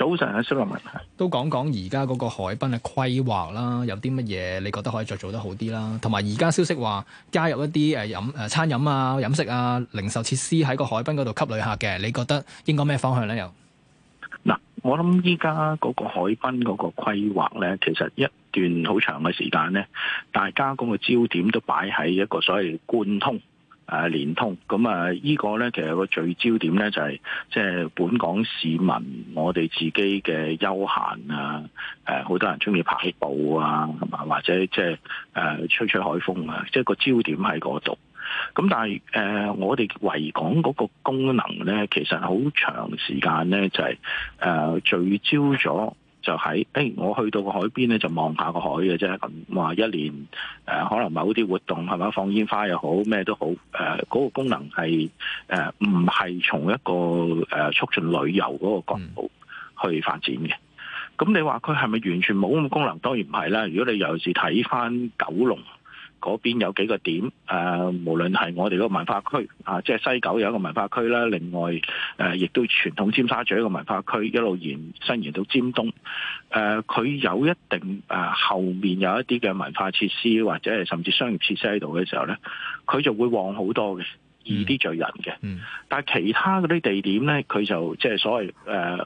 S5: 早上嘅輸入問
S1: 題，都講講而家嗰個海濱嘅規劃啦，有啲乜嘢你覺得可以再做得好啲啦？同埋而家消息話加入一啲誒飲誒餐飲啊、飲食啊、零售設施喺個海濱嗰度吸旅客嘅，你覺得應該咩方向呢？又
S5: 嗱，我諗依家嗰個海濱嗰個規劃呢，其實一段好長嘅時間呢，大家嗰個焦點都擺喺一個所謂貫通。誒連通咁啊，呢個咧其實個聚焦點咧就係即係本港市民我哋自己嘅休閒啊，好多人中意跑下步啊，同埋或者即係誒吹吹海風啊，即係個焦點喺嗰度。咁但係誒，我哋維港嗰個功能咧，其實好長時間咧就係誒聚焦咗。就喺、是、誒、欸，我去到個海邊咧，就望下個海嘅啫。咁話一年誒、呃，可能某啲活動係咪？放煙花又好，咩都好。誒、呃，嗰、那個功能係誒，唔、呃、係從一個誒、呃、促進旅遊嗰個角度去發展嘅。咁、嗯、你話佢係咪完全冇咁嘅功能？當然唔係啦。如果你尤其是睇翻九龍。嗰邊有幾個點？誒、呃，無論係我哋嗰個文化區啊，即係西九有一個文化區啦，另外誒，亦、呃、都傳統尖沙咀一個文化區一路延伸延到尖東。誒、呃，佢有一定誒、呃、後面有一啲嘅文化設施或者係甚至商業設施喺度嘅時候咧，佢就會旺好多嘅，易啲聚人嘅、嗯。但係其他嗰啲地點咧，佢就即係所謂誒、呃、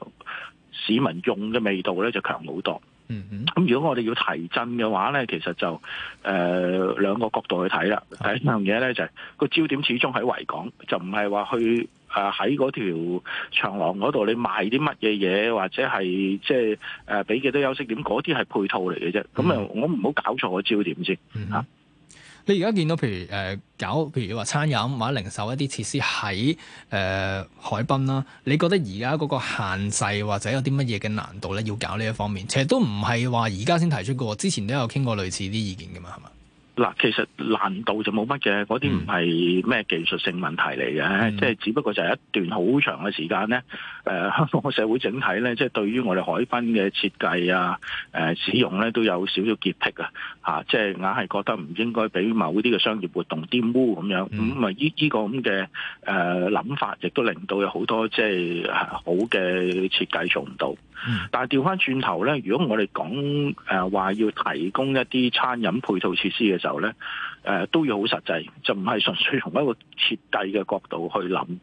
S5: 市民用嘅味道咧，就強好多。嗯，咁如果我哋要提振嘅話咧，其實就誒兩、呃、個角度去睇啦。第一、嗯、一樣嘢咧就係、是、個焦點始終喺維港，就唔係話去誒喺嗰條長廊嗰度你賣啲乜嘢嘢，或者係即係誒俾幾多休息點，嗰啲係配套嚟嘅啫。咁、嗯嗯、啊，我唔好搞錯個焦點先吓。
S1: 你而家見到譬如誒、呃、搞，譬如話餐飲或者零售一啲設施喺誒、呃、海濱啦，你覺得而家嗰個限制或者有啲乜嘢嘅難度咧？要搞呢一方面，其實都唔係話而家先提出嘅喎，之前都有傾過類似啲意見㗎嘛，係嘛？
S5: 嗱，其實難度就冇乜嘅，嗰啲唔係咩技術性問題嚟嘅，即、嗯、係、就是、只不過就係一段好長嘅時間咧。誒、呃，香港嘅社會整體咧，即、就、係、是、對於我哋海濱嘅設計啊、誒、呃、使用咧，都有少少潔癖啊，嚇！即係硬係覺得唔應該俾某啲嘅商業活動玷污咁樣。咁、嗯、啊，依、嗯、依、這個咁嘅誒諗法，亦都令到有多、就是、好多即係好嘅設計做唔到。嗯、但係調翻轉頭咧，如果我哋講誒話要提供一啲餐飲配套設施嘅，就咧，誒都要好實際，就唔係純粹從一個設計嘅角度去諗。誒、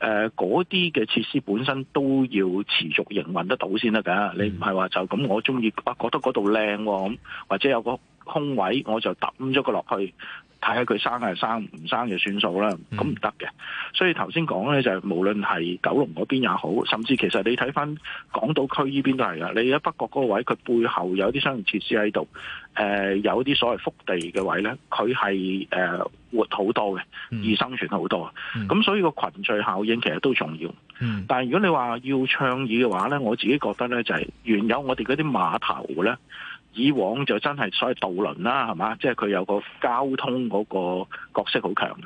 S5: 嗯，嗰啲嘅設施本身都要持續營運得到先得㗎。你唔係話就咁，我中意啊覺得嗰度靚喎咁，或者有個空位我就揼咗個落去。睇下佢生係生，生選，唔生就算數啦。咁唔得嘅，所以頭先講咧就係無論係九龍嗰邊也好，甚至其實你睇翻港島區依邊都係噶。你喺北角嗰個位，佢背後有啲商業設施喺度，誒、呃，有啲所謂腹地嘅位咧，佢係誒活好多嘅，易生存好多。咁、嗯、所以個群聚效應其實都重要。嗯、但係如果你話要倡議嘅話咧，我自己覺得咧就係原有我哋嗰啲碼頭咧。以往就真係所謂渡輪啦，係嘛？即係佢有個交通嗰個角色好強，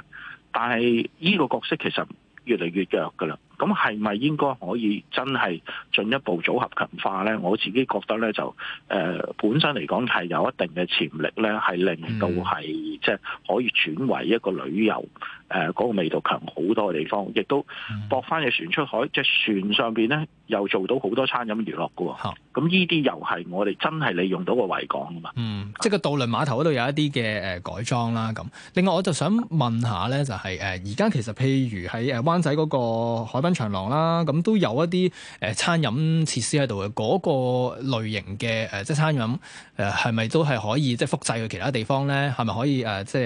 S5: 但係呢個角色其實越嚟越弱噶啦。咁係咪應該可以真係進一步組合強化呢？我自己覺得呢，就誒、呃、本身嚟講係有一定嘅潛力呢，係令到係即係可以轉為一個旅遊。誒、呃、嗰、那個味道強好多嘅地方，亦都駁翻隻船出海，隻船上邊咧又做到好多餐飲娛樂㗎喎。咁呢啲又係我哋真係利用到個維港啊嘛、嗯。
S1: 嗯，即係個渡輪碼頭嗰度有一啲嘅改裝啦。咁另外我就想問下咧、就是，就係誒而家其實譬如喺誒灣仔嗰個海濱長廊啦，咁都有一啲餐飲設施喺度嘅。嗰、那個類型嘅即係餐飲係咪都係可以即係複製去其他地方咧？係咪可以誒即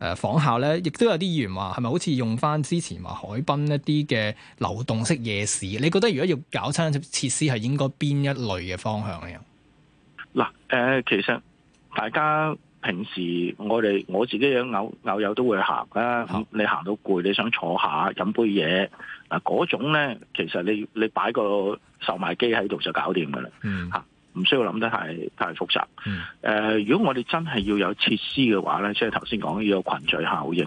S1: 係仿效咧？亦都有啲議員話。係咪好似用翻之前話海濱一啲嘅流動式夜市？你覺得如果要搞餐飲設施，係應該邊一類嘅方向咧？
S5: 嗱，誒，其實大家平時我哋我自己嘅偶偶友都會行啦、啊。你行到攰，你想坐下飲杯嘢嗱，嗰種咧，其實你你擺個售賣機喺度就搞掂噶啦。吓、嗯，唔需要諗得太太複雜。誒、嗯，如果我哋真係要有設施嘅話咧，即係頭先講呢個群聚效應。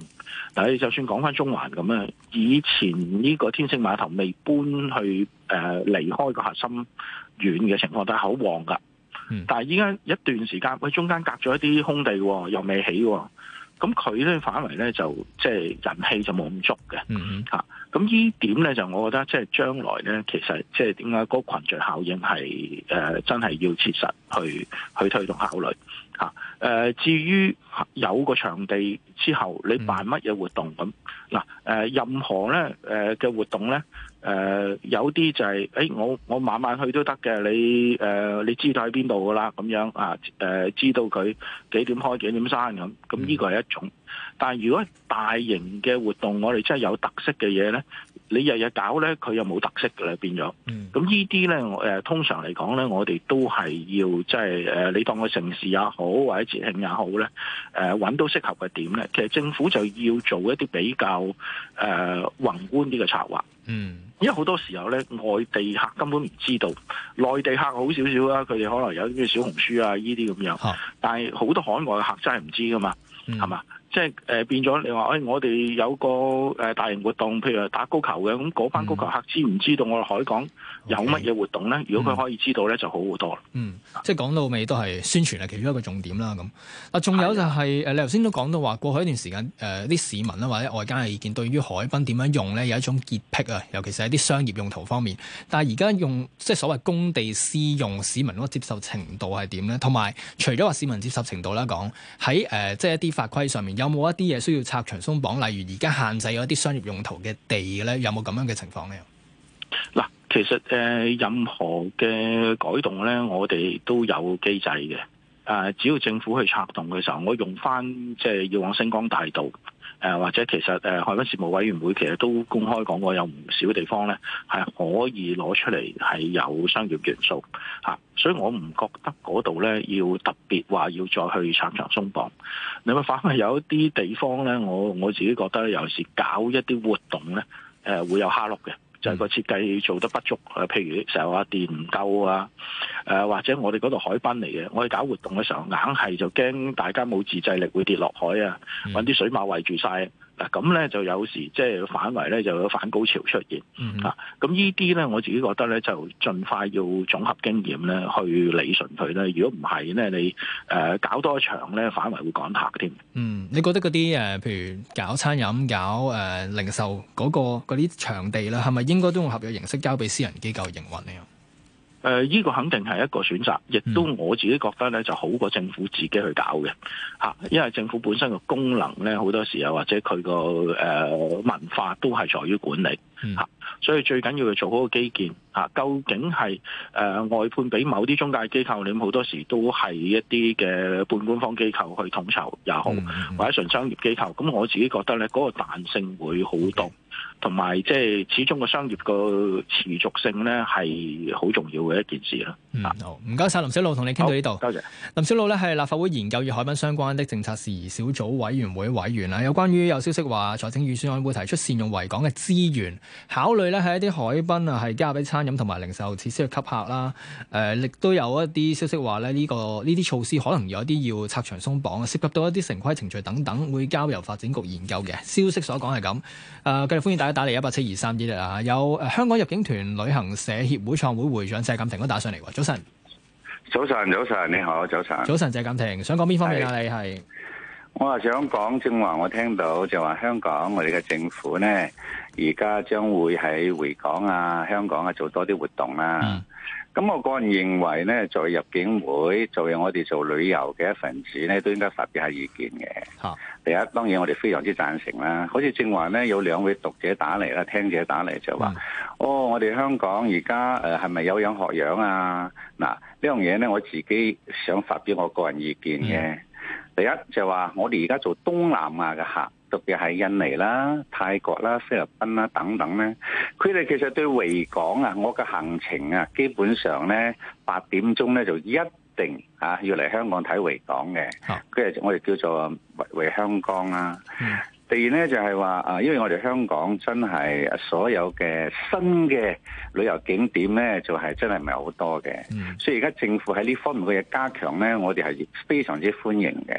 S5: 但就算講翻中環咁樣以前呢個天星碼頭未搬去誒、呃、離開個核心遠嘅情況，都係好旺㗎。但係依家一段時間，喂中間隔咗一啲空地，又未起，咁佢咧反為咧就即係、就是、人氣就冇咁足嘅嚇。咁、mm -hmm. 啊、呢點咧就我覺得即係、就是、將來咧，其實即係點解嗰個群聚效應係誒、呃、真係要切實去去，去推動考慮。嚇、啊！至於有個場地之後，你辦乜嘢活動咁嗱、啊啊？任何咧誒嘅活動咧，誒、呃、有啲就係、是、誒、哎、我我晚晚去都得嘅，你誒、呃、你知道喺邊度噶啦咁樣啊，啊？知道佢幾點開幾點閂咁，咁呢、這個係一種。但係如果大型嘅活動，我哋真係有特色嘅嘢咧。你日日搞咧，佢又冇特色嘅咧，變咗。咁呢啲咧、呃，通常嚟講咧，我哋都係要即係誒，你當個城市也好，或者節慶也好咧，誒、呃、搵到適合嘅點咧，其實政府就要做一啲比較誒、呃、宏觀啲嘅策劃。嗯，因為好多時候咧，外地客根本唔知道，內地客好少少啦，佢哋可能有啲小紅書啊呢啲咁樣。但係好多海外嘅客真係唔知噶嘛，係、嗯、嘛？即係誒變咗，你話誒我哋有個誒大型活動，譬如打高球嘅，咁嗰班高球客知唔知道我哋海港？有乜嘢活動呢？嗯、如果佢可以知道呢，就好好多。
S1: 嗯，即係講到尾都係宣傳係其中一個重點啦。咁仲有就係、是、誒，你頭先都講到話過去一段時間啲、呃、市民或者外間嘅意見對於海濱點樣用呢，有一種潔癖啊，尤其是啲商業用途方面。但係而家用即係所謂工地私用，市民嗰個接受程度係點呢？同埋除咗話市民接受程度啦，講喺、呃、即係一啲法規上面有冇一啲嘢需要拆牆鬆綁？例如而家限制咗啲商業用途嘅地呢，有冇咁樣嘅情況呢？
S5: 嗱。其實、呃、任何嘅改動咧，我哋都有機制嘅、呃，只要政府去策動嘅時候，我用翻即係要往星光大道、呃、或者其實、呃、海濱事務委員會其實都公開講過，有唔少地方咧係可以攞出嚟係有商業元素、啊、所以我唔覺得嗰度咧要特別話要再去拆牆鬆綁。你咪反為有一啲地方咧，我我自己覺得尤其是搞一啲活動咧，誒、呃、會有蝦碌嘅。 就係、是、個設計做得不足，誒，譬如成日話電唔夠啊，誒，或者我哋嗰度海濱嚟嘅，我哋搞活動嘅時候，硬係就驚大家冇自制力會跌落海啊，搵啲水馬圍住晒。嗱，咁咧就有時即係反為咧就有反高潮出現，嗯、啊，咁呢啲咧我自己覺得咧就盡快要總合經驗咧去理順佢呢，如果唔係咧你誒、呃、搞多一場咧反為會趕客添。嗯，
S1: 你覺得嗰啲誒譬如搞餐飲、搞、呃、零售嗰、嗰個嗰啲場地啦，係咪應該都用合約形式交俾私人機構營運
S5: 呢？誒、呃，依、這個肯定係一個選擇，亦都我自己覺得咧，就好過政府自己去搞嘅。因為政府本身嘅功能咧，好多時候或者佢個誒文化都係在於管理、嗯啊、所以最緊要去做個個基建、啊、究竟係誒、呃、外判俾某啲中介機構，你好多時都係一啲嘅半官方機構去統籌又好、嗯嗯，或者純商業機構。咁我自己覺得咧，嗰、那個彈性會好多。嗯嗯嗯嗯嗯同埋，即係始終個商業個持續性咧，係好重要嘅一件事啦。
S1: 嗯、好，唔該晒，林筱魯，同你傾到呢度。林筱魯呢係立法會研究與海濱相關的政策事宜小組委員會委員啦。有關於有消息話財政預算案會提出善用維港嘅資源，考慮呢喺一啲海濱啊係加俾餐飲同埋零售設施去吸客啦、呃。亦都有一啲消息話呢呢個呢啲措施可能有啲要拆牆鬆綁，涉及到一啲城規程序等等，會交由發展局研究嘅。消息所講係咁。誒、呃，繼續歡迎大家打嚟一八七二三一啊，有香港入境團旅行社協會創會會長謝錦婷都打上嚟。
S6: 早晨，早晨，早晨，你好，早晨，早
S1: 晨，謝錦婷，想講邊方面啊？是
S6: 你係我啊？想講正話，我聽到就話香港我哋嘅政府咧，而家將會喺維港啊，香港啊做多啲活動啦。咁、嗯、我個人認為咧，作為入境會，作為我哋做旅遊嘅一份子咧，都應該發表下意見嘅。啊第一，當然我哋非常之贊成啦，好似正話咧有兩位讀者打嚟啦，聽者打嚟就話，mm. 哦我哋香港而家誒係咪有樣學樣啊？嗱呢樣嘢咧我自己想發表我個人意見嘅。Mm. 第一，就話我哋而家做東南亞嘅客，特別係印尼啦、泰國啦、菲律賓啦等等咧，佢哋其實對維港啊，我嘅行程啊，基本上咧八點鐘咧就一。定、啊、要嚟香港睇維港嘅，跟、啊、住我哋叫做維香港啦、啊。第二咧就係話啊，因為我哋香港真係所有嘅新嘅旅遊景點咧，就係、是、真係唔係好多嘅，所以而家政府喺呢方面嘅加強咧，我哋係非常之歡迎嘅。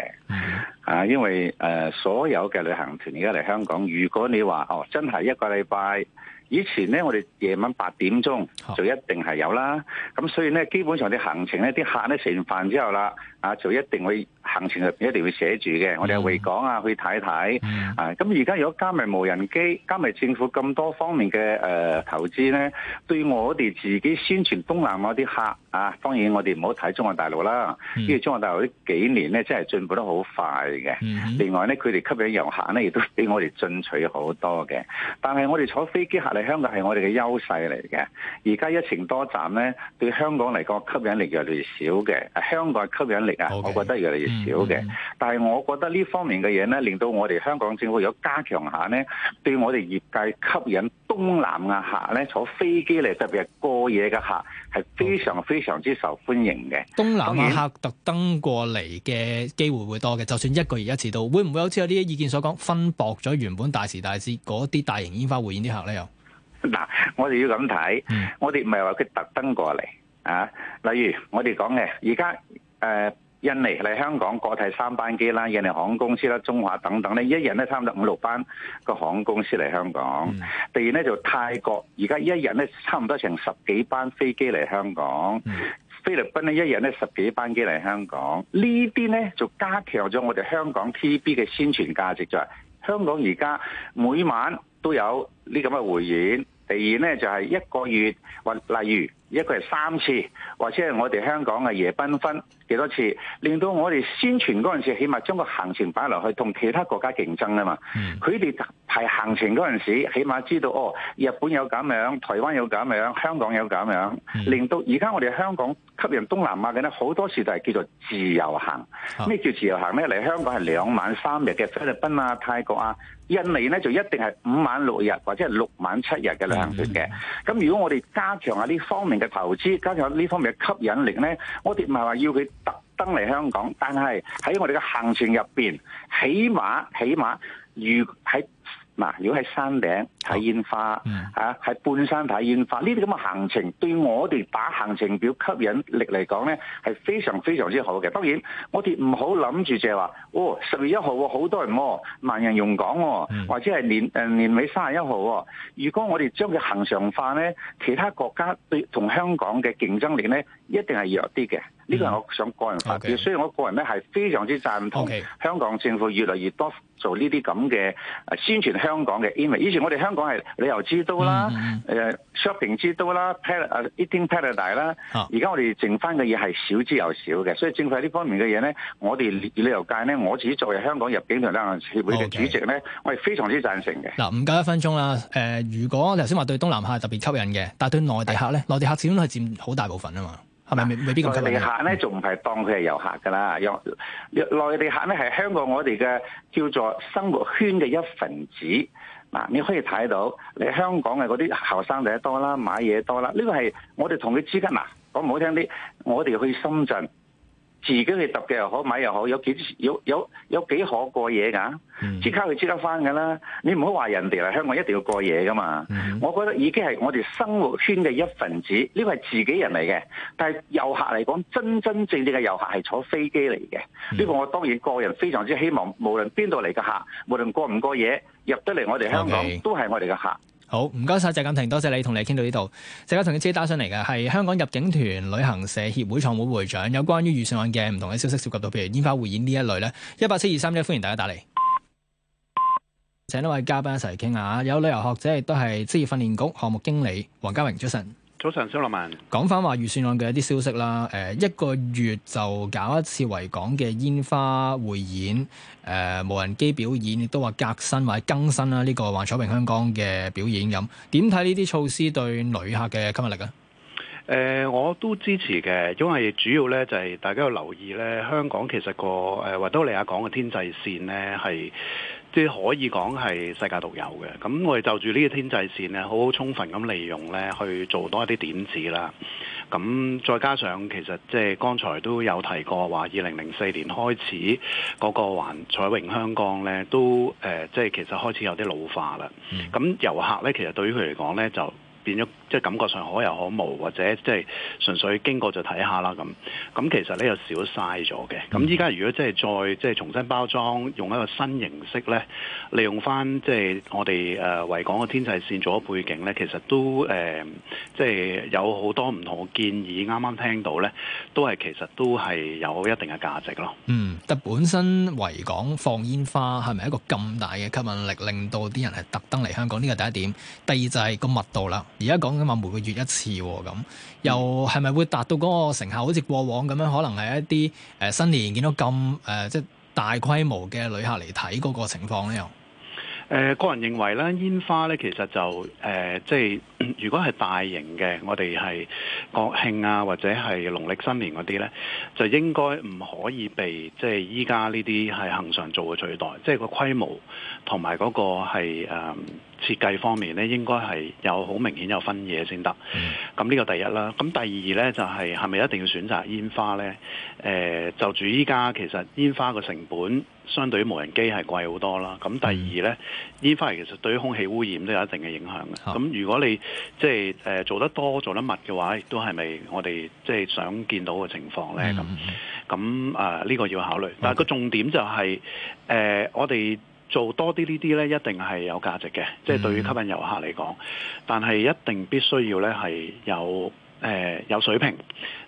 S6: 啊，因為、呃、所有嘅旅行團而家嚟香港，如果你話哦，真係一個禮拜。以前咧，我哋夜晚八點鐘就一定係有啦。咁所以咧，基本上啲行程咧，啲客咧食完飯之後啦、啊，就一定會行程入邊一定會寫住嘅。我哋去維港啊，去睇睇、mm -hmm. 啊。咁而家如果加埋無人機，加埋政府咁多方面嘅誒、呃、投資咧，對我哋自己宣傳東南亞啲客啊，當然我哋唔好睇中國大陸啦。Mm -hmm. 因為中國大陸呢幾年咧真係進步得好快嘅。Mm -hmm. 另外咧，佢哋吸引遊客咧亦都比我哋進取好多嘅。但係我哋坐飛機客。是香港係我哋嘅優勢嚟嘅。而家一程多站咧，對香港嚟講吸引力越嚟越少嘅。香港吸引力啊，我覺得越嚟越少嘅。Okay. 但係，我覺得呢方面嘅嘢咧，令到我哋香港政府有加強下咧，對我哋業界吸引東南亞客咧，坐飛機嚟，特別係過夜嘅客係非常非常之受歡迎嘅。東南亞客
S1: 特登過嚟嘅機會會多嘅。就算一個月一次到，會唔會好似有啲意見所講，分薄咗原本大時大
S6: 節嗰啲大型煙花匯演啲客咧？又？嗱， 我哋要咁睇，我哋唔係話佢特登過嚟啊。例如我哋講嘅，而家誒印尼嚟香港國泰三班機啦，印尼航空公司啦，中華等等咧，一日咧差唔多五六班個航空公司嚟香港。第二咧就泰國，而家一日咧差唔多成十幾班飛機嚟香港。嗯、菲律賓呢一日咧十幾班機嚟香港。呢啲咧就加強咗我哋香港 TB 嘅宣傳價值在。就係、香港而家每晚都有呢咁嘅匯演。第二咧就係、是、一個月，或例如。一個係三次，或者係我哋香港嘅夜繽紛幾多次，令到我哋宣傳嗰陣時，起碼將個行程擺落去同其他國家競爭啊嘛。佢、mm. 哋排行程嗰陣時，起碼知道哦，日本有咁樣，台灣有咁樣，香港有咁樣，mm. 令到而家我哋香港吸引東南亞嘅呢好多時就係叫做自由行。咩叫自由行呢？嚟香港係兩晚三日嘅菲律賓啊、泰國啊、印尼呢就一定係五晚六日或者係六晚七日嘅旅行團嘅。咁、mm. 如果我哋加強下呢方面，嘅投資加上呢方面嘅吸引力咧，我哋唔係話要佢特登嚟香港，但係喺我哋嘅行程入邊，起碼起碼，如喺。嗱，如果喺山頂睇煙花嚇，係、嗯啊、半山睇煙花呢啲咁嘅行程，對我哋打行程表吸引力嚟講咧，係非常非常之好嘅。當然，我哋唔好諗住就係話，哦，十月一號好多人喎，萬人擁港喎，或者係年尾年尾卅一號。如果我哋將佢恆常化咧，其他國家對同香港嘅競爭力咧，一定係弱啲嘅。呢個係我想個人發表。雖、嗯、然、okay, 我個人咧係非常之贊同香港政府越嚟越多。做呢啲咁嘅宣傳香港嘅 image。以前我哋香港係旅遊之都啦，shopping、mm -hmm. 之都啦，eat eating paradise 啦。而家我哋剩翻嘅嘢係少之又少嘅，所以政府喺呢方面嘅嘢咧，我哋旅遊界咧，我自己作為香港入境同旅遊協會嘅主席咧，okay. 我係非常之贊成嘅。嗱、嗯，
S1: 唔夠一分鐘啦、呃。如果頭先話對東南亞特別吸引嘅，但對內地客咧，內地客始終係佔好大部分啊嘛。係咪未未必咁近地客
S6: 咧，仲唔係當佢係遊客噶啦。內地呢客咧係、嗯、香港我哋嘅叫做生活圈嘅一份子。嗱、啊，你可以睇到，你香港嘅嗰啲後生仔多啦，買嘢多啦，呢個係我哋同佢之間啊，講唔好聽啲，我哋去深圳。自己去揼嘅又好，買又好，有幾有有有幾可過夜噶？即刻去即刻返噶啦！你唔好話人哋嚟香港一定要過夜噶嘛？Mm -hmm. 我覺得已經係我哋生活圈嘅一份子，呢個係自己人嚟嘅。但係遊客嚟講，真真正正嘅遊客係坐飛機嚟嘅。呢、mm -hmm. 個我當然個人非常之希望，無論邊度嚟嘅客，無論過唔過夜入得嚟我哋香港，okay. 都係我哋嘅客。
S1: 好，唔該晒謝錦婷，多謝,謝你同你哋傾到呢度。謝錦婷嘅自己打上嚟嘅，係香港入境團旅行社協會創會會長，有關於預算案嘅唔同嘅消息，涉及到譬如煙花匯演呢一類咧，一八七二三一歡迎大家打嚟。請多位嘉賓一齊傾下。有旅遊學者亦都係職業訓練局項目經理黃家榮，早晨。
S7: 早晨，蕭樂文。
S1: 講翻話預算案嘅一啲消息啦，誒，一個月就搞一次維港嘅煙花匯演，誒，無人機表演，亦都話革新或者更新啦呢，這個幻彩詠香江嘅表演咁，點睇呢啲措施對旅客嘅吸引力啊？
S7: 誒、呃，我都支持嘅，因為主要咧就係大家要留意咧，香港其實個誒維、呃、多利亞港嘅天際線咧係。可以講係世界獨有嘅，咁我哋就住呢個天際線咧，好好充分咁利用咧，去做多一啲點子啦。咁再加上其實即係剛才都有提過話，二零零四年開始嗰個幻彩詠香江咧，都誒即係其實開始有啲老化啦。咁遊客咧，其實對於佢嚟講咧，就變咗。即係感覺上可有可無，或者即係純粹經過就睇下啦咁。咁其實呢，又少嘥咗嘅。咁依家如果即係再即係重新包裝，用一個新形式呢，利用翻即係我哋誒維港嘅天際線做咗背景呢，其實都誒即係有好多唔同嘅建議。啱啱聽到呢，都係其實都係有一定嘅價值咯。嗯，
S1: 但本身維港放煙花係咪一個咁大嘅吸引力，令到啲人係特登嚟香港？呢個第一點。第二就係個密度啦。而家講。咁啊，每個月一次喎、哦，咁又係咪會達到嗰個成效？好似過往咁樣，可能係一啲誒新年見到咁誒，即、呃、係、就是、大規模嘅旅客嚟睇嗰個情況呢又
S7: 誒、呃、個人認為咧，煙花咧其實就誒，即、呃、係、就是、如果係大型嘅，我哋係國慶啊，或者係農曆新年嗰啲咧，就應該唔可以被即係依家呢啲係恆常做嘅取代，即、就、係、是、個規模同埋嗰個係設計方面呢應該係有好明顯有分嘢先得。咁呢個第一啦。咁第二呢，就係係咪一定要選擇煙花呢？誒、呃，就住依家其實煙花個成本相對於無人機係貴好多啦。咁第二呢，嗯、煙花其實對於空氣污染都有一定嘅影響嘅。咁、嗯、如果你即係、即係呃、做得多做得密嘅話，亦都係咪我哋即係想見到嘅情況呢？咁咁誒呢個要考慮。Okay. 但係個重點就係、係呃、我哋。做多啲呢啲咧，一定係有價值嘅，即係對於吸引遊客嚟講。但係一定必須要咧係有呃有水平，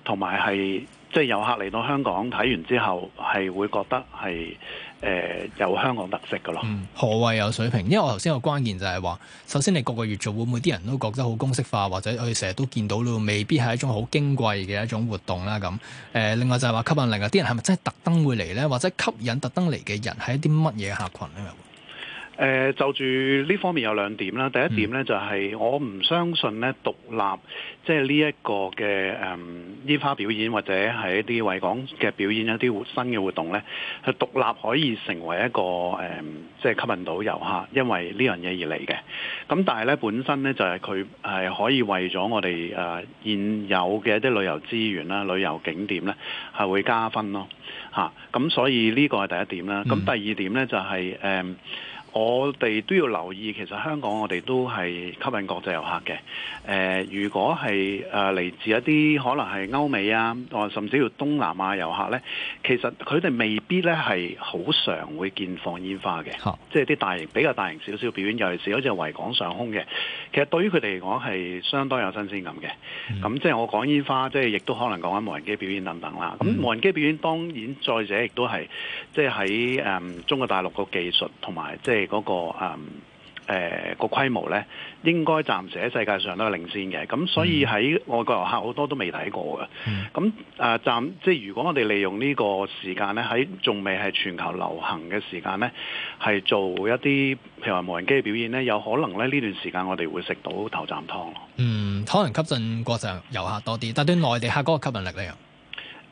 S7: 同埋係。即係遊客嚟到香港睇完之後，係會覺得係誒、呃、有香港特色㗎咯、
S1: 嗯。何謂有水平？因為我頭先個關鍵就係話，首先你個個月做，會唔會啲人都覺得好公式化，或者佢成日都見到咯，未必係一種好矜貴嘅一種活動啦。咁誒、呃，另外就係話吸引力啊，啲人係咪真係特登會嚟咧？或者吸引特登嚟嘅人係一啲乜嘢客群咧？
S7: 誒、呃、就住呢方面有兩點啦，第一點呢，就係、是、我唔相信呢獨立，即係呢一個嘅誒煙花表演或者係一啲維港嘅表演一啲新嘅活動呢，係獨立可以成為一個誒，即、嗯、係、就是、吸引到遊客，因為呢樣嘢而嚟嘅。咁但係呢，本身呢，就係佢係可以為咗我哋誒、呃、現有嘅一啲旅遊資源啦、旅遊景點呢，係會加分咯，咁、啊、所以呢個係第一點啦。咁第二點呢，就係、是、誒。嗯。我哋都要留意，其實香港我哋都係吸引國際遊客嘅。誒、呃，如果係誒嚟自一啲可能係歐美啊，甚至乎東南亞遊客呢，其實佢哋未必呢係好常會見放煙花嘅、啊，即係啲大型比較大型少少表演，尤其是好似維港上空嘅。其實對於佢哋嚟講係相當有新鮮感嘅。咁、嗯、即係我講煙花，即係亦都可能講緊無人機表演等等啦。咁無人機表演當然再者亦都係即係喺誒中國大陸個技術同埋即係。那個個誒、嗯呃、個規模咧，應該暫時喺世界上都係領先嘅，咁、嗯、所以喺外國遊客好多都未睇過嘅。咁、嗯、誒、呃、暫即係如果我哋利用呢個時間咧，喺仲未係全球流行嘅時間咧，係做一啲譬如話無人機嘅表演咧，有可能咧呢段時間我哋會食到頭啖湯咯。嗯，
S1: 可能吸引國際遊客多啲，但對內地客嗰個吸引力咧，誒、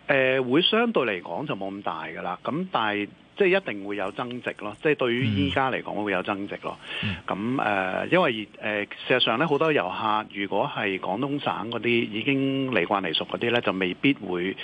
S1: 呃、
S7: 會相對嚟講就冇咁大㗎啦。咁但係。即係一定會有增值咯，即係對於依家嚟講會有增值咯。咁、mm. 誒、嗯，因為誒，事實上咧，好多遊客如果係廣東省嗰啲已經嚟慣嚟熟嗰啲咧，就未必會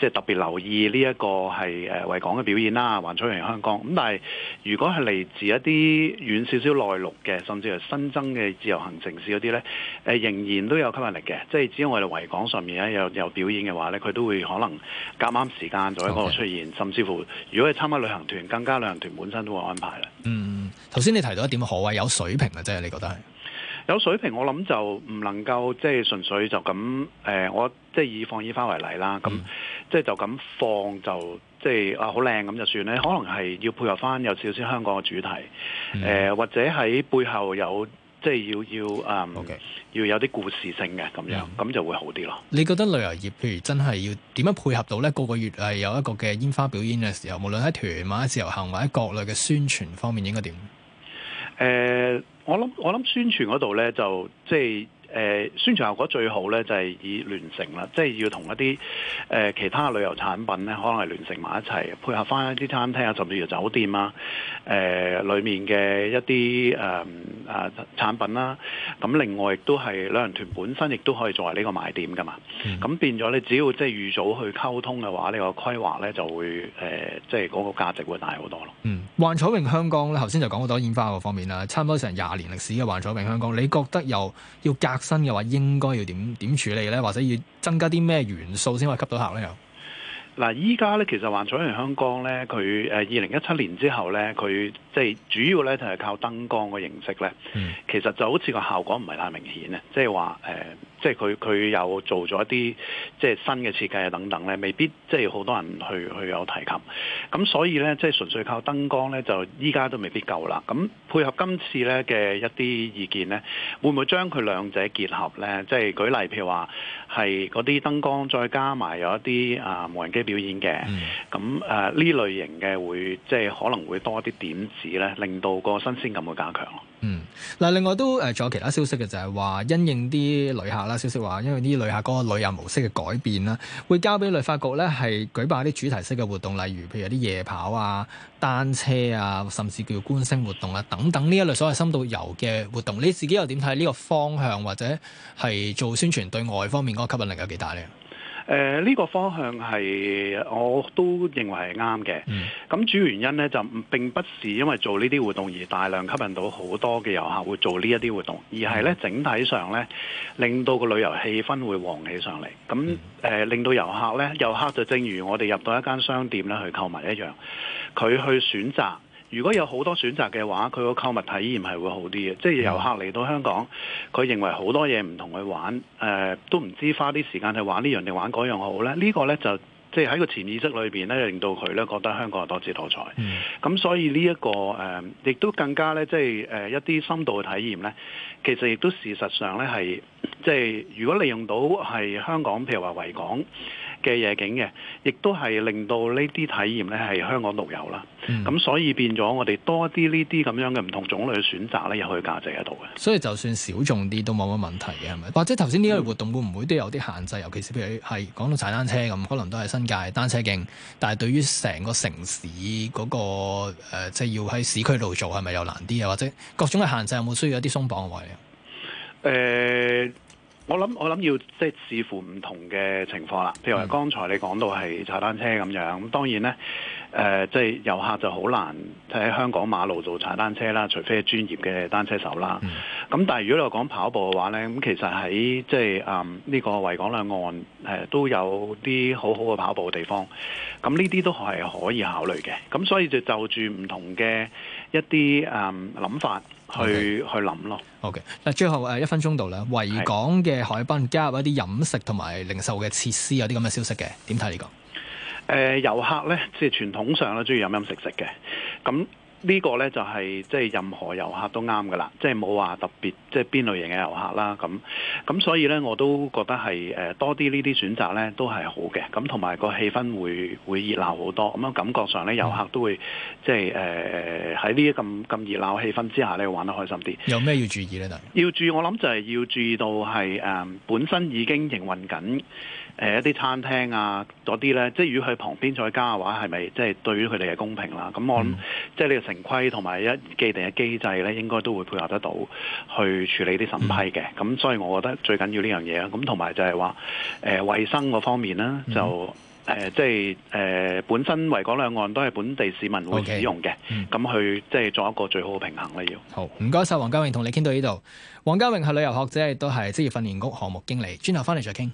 S7: 即係特別留意呢一個係誒維港嘅表演啦，環遊完香港。咁但係如果係嚟自一啲遠少少內陸嘅，甚至係新增嘅自由行城市嗰啲咧，誒、呃、仍然都有吸引力嘅。即係只要我哋維港上面咧有有表演嘅話咧，佢都會可能夾啱時間在一個出現，okay. 甚至乎如果係參加旅行。行團更加旅行團本身都會安排啦。嗯
S1: 嗯，頭先你提到一點好、啊，何謂有水平啊？即係你覺得係
S7: 有水平，我諗就唔能夠即係、就是、純粹就咁誒、呃，我即係、就是、以放煙花為例啦。咁即係就咁放就即係、就是、啊好靚咁就算咧，可能係要配合返有少少香港嘅主題，誒、嗯呃、或者喺背後有。即係要要誒，要,、嗯 Okay. 要有啲故事性嘅咁樣，咁、yeah. 就會好啲咯。
S1: 你覺得旅遊業譬如真係要點樣配合到呢？個個月係有一個嘅煙花表演嘅時候，無論喺團、喺自由行或者國內嘅宣傳方面，應該點？誒、呃，我
S7: 諗我諗宣傳嗰度呢，就即係。誒宣傳效果最好咧，就係、是、以聯乘啦，即係要同一啲誒、呃、其他旅遊產品咧，可能係聯乘埋一齊，配合翻一啲餐廳啊，甚至乎酒店啊，誒、呃、裡面嘅一啲誒誒產品啦、啊。咁另外亦都係旅行團本身亦都可以作為呢個賣點噶嘛。咁、嗯、變咗你只要即係預早去溝通嘅話，呢、這個規劃咧就會誒，即係嗰個價值會大好多咯。
S1: 嗯，幻彩詠香江咧，頭先就講好多煙花嗰方面啦，差唔多成廿年歷史嘅幻彩詠香江，香港你覺得又要隔？新嘅話應該要點點處理呢？或者要增加啲咩元素先可以吸到客呢？又
S7: 嗱，依家咧其實幻彩詠香江咧，佢誒二零一七年之後咧，佢即係主要咧就係靠燈光嘅形式咧，其實就好似個效果唔係太明顯啊，即係話誒。呃即係佢佢有做咗一啲即係新嘅設計啊等等咧，未必即係好多人去去有提及。咁所以咧，即係純粹靠燈光咧，就依家都未必夠啦。咁配合今次咧嘅一啲意見咧，會唔會將佢兩者結合咧？即係舉例，譬如話係嗰啲燈光再加埋有一啲啊無人機表演嘅，咁誒呢類型嘅會即係可能會多啲點子咧，令到個新鮮感會加強。
S1: 嗯，嗱，另外都誒仲有其他消息嘅，就係話因應啲旅客啦，消息話因為啲旅客嗰個旅遊模式嘅改變啦，會交俾旅發局咧係舉辦一啲主題式嘅活動，例如譬如有啲夜跑啊、單車啊，甚至叫觀星活動啊等等呢一類所謂深度遊嘅活動。你自己又點睇呢個方向，或者係做宣傳對外方面嗰個吸引力有幾大呢？
S7: 誒、呃、呢、呢個方向係我都認為係啱嘅。咁主要原因呢，就並不是因為做呢啲活動而大量吸引到好多嘅遊客會做呢一啲活動，而係呢，整體上呢，令到個旅遊氣氛會旺起上嚟。咁、呃、令到遊客呢，遊客就正如我哋入到一間商店咧去購物一樣，佢去選擇。如果有好多選擇嘅話，佢個購物體驗係會好啲嘅。即係遊客嚟到香港，佢認為好多嘢唔同佢玩，誒、呃、都唔知花啲時間去玩，這玩呢樣定玩嗰樣好咧。呢、這個呢，就即係喺個潛意識裏邊咧，令到佢咧覺，覺得香港係多姿多彩。咁、嗯、所以呢、這、一個誒，亦、呃、都更加呢，即係誒、呃、一啲深度嘅體驗呢，其實亦都事實上呢，係即係如果利用到係香港，譬如話維港，嘅夜景嘅，亦都係令到呢啲體驗咧係香港獨有啦。咁、嗯、所以變咗我哋多啲呢啲咁樣嘅唔同種類嘅選擇咧，有佢價值
S1: 喺度嘅。所以就算小眾啲都冇乜問題嘅，係咪？或者頭先呢類活動會唔會都有啲限制？尤其是譬如係講到踩單車咁，可能都係新界單車徑。但係對於成個城市嗰、那個即係、呃就是、要喺市區度做係咪又難啲？啊？或者各種嘅限制有冇需要一啲鬆綁位
S7: 啊？誒、呃。我諗我諗要即係、就是、視乎唔同嘅情況啦，譬如話剛才你講到係踩單車咁樣，咁當然呢，誒、呃，即、就、係、是、遊客就好難喺香港馬路度踩單車啦，除非係專業嘅單車手啦。咁、嗯、但係如果你話講跑步嘅話呢，咁其實喺即係呢個維港兩岸誒、呃、都有啲好好嘅跑步嘅地方。咁呢啲都係可以考慮嘅。咁所以就就住唔同嘅一啲誒諗法。Okay. 去去諗
S1: 咯。OK 嗱，最後一分鐘度咧，維港嘅海濱加入一啲飲食同埋零售嘅設施有啲咁嘅消息嘅，點睇你講？
S7: 誒、呃，遊客咧，即係傳統上咧，中意飲飲食食嘅，咁。呢、這個呢，就係即係任何遊客都啱㗎啦，即係冇話特別即係邊類型嘅遊客啦。咁咁所以呢，我都覺得係、呃、多啲呢啲選擇呢都係好嘅。咁同埋個氣氛會會熱鬧好多。咁樣感覺上呢，遊、嗯、客都會即係喺呢啲咁咁熱鬧氣氛之下呢，玩得開心啲。
S5: 有咩要注意呢？
S7: 要注意我諗就係要注意到係、呃、本身已經營運緊。誒、呃、一啲餐廳啊，嗰啲咧，即係如果佢旁邊再加嘅話，係咪即係對於佢哋嘅公平啦？咁我諗、嗯、即係呢個城規同埋一既定嘅機制咧，應該都會配合得到去處理啲審批嘅。咁、嗯、所以我覺得最緊要呢樣嘢啦。咁同埋就係話誒衞生嗰方面咧，就誒、嗯呃、即係誒、呃、本身維港兩岸都係本地市民會使用嘅，咁、okay，嗯、去即係作一個最好嘅平衡咧。要
S1: 好唔該晒，黃家榮同你傾到呢度。黃家榮係旅遊學者，亦都係職業訓練局項、項目經理，轉頭翻嚟再傾。